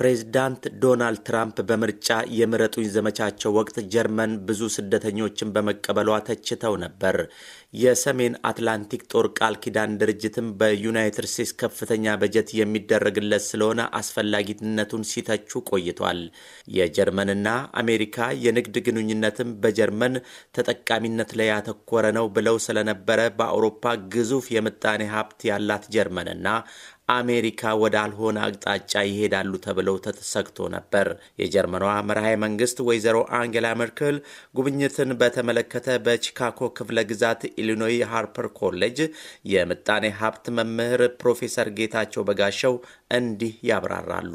ፕሬዝዳንት ዶናልድ ትራምፕ በምርጫ የምረጡኝ ዘመቻቸው ወቅት ጀርመን ብዙ ስደተኞችን በመቀበሏ ተችተው ነበር። የሰሜን አትላንቲክ ጦር ቃል ኪዳን ድርጅትም በዩናይትድ ስቴትስ ከፍተኛ በጀት የሚደረግለት ስለሆነ አስፈላጊነቱን ሲተቹ ቆይቷል። የጀርመንና አሜሪካ የንግድ ግንኙነትም በጀርመን ተጠቃሚነት ላይ ያተኮረ ነው ብለው ስለነበረ በአውሮፓ ግዙፍ የምጣኔ ሀብት ያላት ጀርመንና አሜሪካ ወዳልሆነ አቅጣጫ ይሄዳሉ ተብለው ተሰግቶ ነበር። የጀርመኗ መርሃይ መንግስት ወይዘሮ አንጌላ መርክል ጉብኝትን በተመለከተ በቺካጎ ክፍለ ግዛት ኢሊኖይ ሃርፐር ኮሌጅ የምጣኔ ሀብት መምህር ፕሮፌሰር ጌታቸው በጋሻው እንዲህ ያብራራሉ።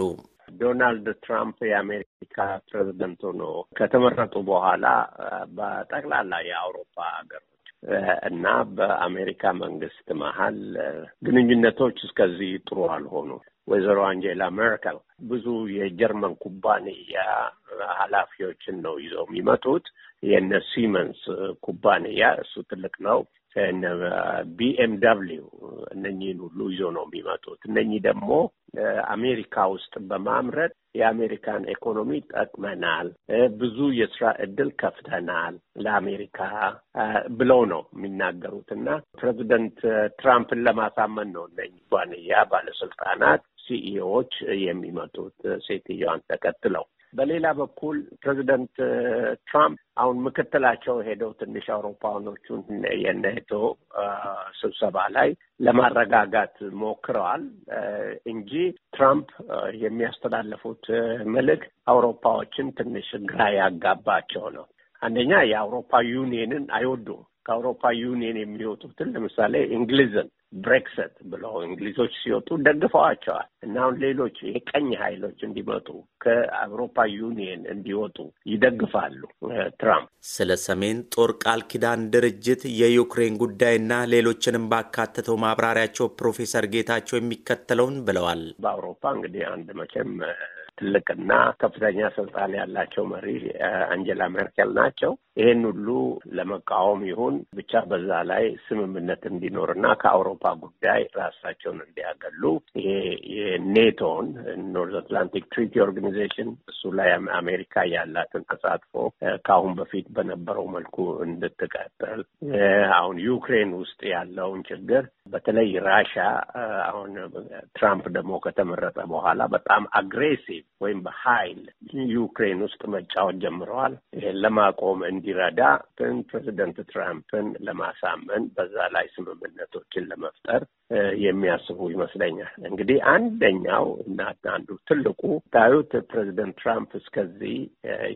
ዶናልድ ትራምፕ የአሜሪካ ፕሬዝደንት ሆኖ ከተመረጡ በኋላ በጠቅላላ የአውሮፓ ሀገር እና በአሜሪካ መንግስት መሀል ግንኙነቶች እስከዚህ ጥሩ አልሆኑ። ወይዘሮ አንጀላ ሜርከል ብዙ የጀርመን ኩባንያ ኃላፊዎችን ነው ይዘው የሚመጡት። የነ ሲመንስ ኩባንያ እሱ ትልቅ ነው። ቢኤምደብሊው uh, እነኚህን ሁሉ ይዞ ነው የሚመጡት። እነኚህ ደግሞ uh, አሜሪካ ውስጥ በማምረት የአሜሪካን ኢኮኖሚ ጠቅመናል፣ uh, ብዙ የስራ እድል ከፍተናል ለአሜሪካ ብለው ነው የሚናገሩት እና ፕሬዚደንት ትራምፕን ለማሳመን ነው እነኚህ ኩባንያ ባለስልጣናት ሲኢኦዎች የሚመጡት ሴትዮዋን ተከትለው በሌላ በኩል ፕሬዚደንት ትራምፕ አሁን ምክትላቸው ሄደው ትንሽ አውሮፓውያኖቹን የኔቶ ስብሰባ ላይ ለማረጋጋት ሞክረዋል እንጂ ትራምፕ የሚያስተላልፉት መልእክት አውሮፓዎችን ትንሽ ግራ ያጋባቸው ነው። አንደኛ የአውሮፓ ዩኒየንን አይወዱም። ከአውሮፓ ዩኒየን የሚወጡትን ለምሳሌ እንግሊዝን ብሬክሰት ብለው እንግሊዞች ሲወጡ ደግፈዋቸዋል እና አሁን ሌሎች የቀኝ ኃይሎች እንዲመጡ ከአውሮፓ ዩኒየን እንዲወጡ ይደግፋሉ ትራምፕ። ስለ ሰሜን ጦር ቃል ኪዳን ድርጅት የዩክሬን ጉዳይና ሌሎችንም ባካተተው ማብራሪያቸው ፕሮፌሰር ጌታቸው የሚከተለውን ብለዋል። በአውሮፓ እንግዲህ አንድ መቼም ትልቅና ከፍተኛ ስልጣን ያላቸው መሪ አንጀላ ሜርኬል ናቸው። ይህን ሁሉ ለመቃወም ይሁን ብቻ በዛ ላይ ስምምነት እንዲኖርና ከአውሮፓ ጉዳይ ራሳቸውን እንዲያገሉ ይሄ የኔቶን ኖርዝ አትላንቲክ ትሪቲ ኦርጋኒዜሽን እሱ ላይ አሜሪካ ያላትን ተሳትፎ ከአሁን በፊት በነበረው መልኩ እንድትቀጥል፣ አሁን ዩክሬን ውስጥ ያለውን ችግር በተለይ ራሻ አሁን ትራምፕ ደግሞ ከተመረጠ በኋላ በጣም አግሬሲቭ ወይም በኃይል ዩክሬን ውስጥ መጫወት ጀምረዋል። ለማቆም እንዲረዳ ግን ፕሬዚደንት ትራምፕን ለማሳመን በዛ ላይ ስምምነቶችን ለመፍጠር የሚያስቡ ይመስለኛል። እንግዲህ አንደኛው እና አንዱ ትልቁ ታዩት ፕሬዚደንት ትራምፕ እስከዚህ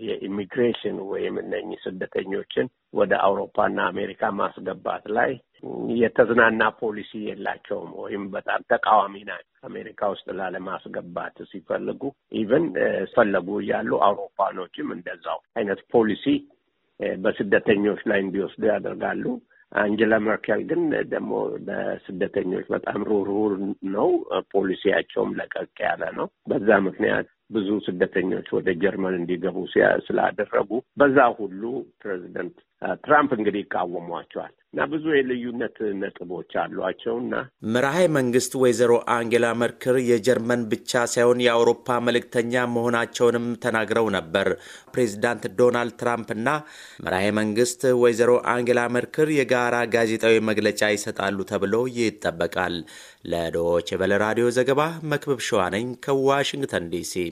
የኢሚግሬሽን ወይም እነኚህ ስደተኞችን ወደ አውሮፓና አሜሪካ ማስገባት ላይ የተዝናና ፖሊሲ የላቸውም ወይም በጣም ተቃዋሚ ናቸው። አሜሪካ ውስጥ ላለማስገባት ሲፈልጉ ኢቨን ፈለጉ እያሉ አውሮፓኖችም እንደዛው አይነት ፖሊሲ በስደተኞች ላይ እንዲወስዱ ያደርጋሉ። አንጀላ መርከል ግን ደግሞ ለስደተኞች በጣም ሩሩር ነው፣ ፖሊሲያቸውም ለቀቅ ያለ ነው። በዛ ምክንያት ብዙ ስደተኞች ወደ ጀርመን እንዲገቡ ስላደረጉ በዛ ሁሉ ፕሬዚደንት ትራምፕ እንግዲህ ይቃወሟቸዋል እና ብዙ የልዩነት ነጥቦች አሏቸው እና መራሄ መንግስት ወይዘሮ አንጌላ መርክል የጀርመን ብቻ ሳይሆን የአውሮፓ መልእክተኛ መሆናቸውንም ተናግረው ነበር። ፕሬዚዳንት ዶናልድ ትራምፕና መራሄ መንግስት ወይዘሮ አንጌላ መርክል የጋራ ጋዜጣዊ መግለጫ ይሰጣሉ ተብሎ ይጠበቃል። ለዶች በለ ራዲዮ ዘገባ መክብብ ሸዋነኝ ከዋሽንግተን ዲሲ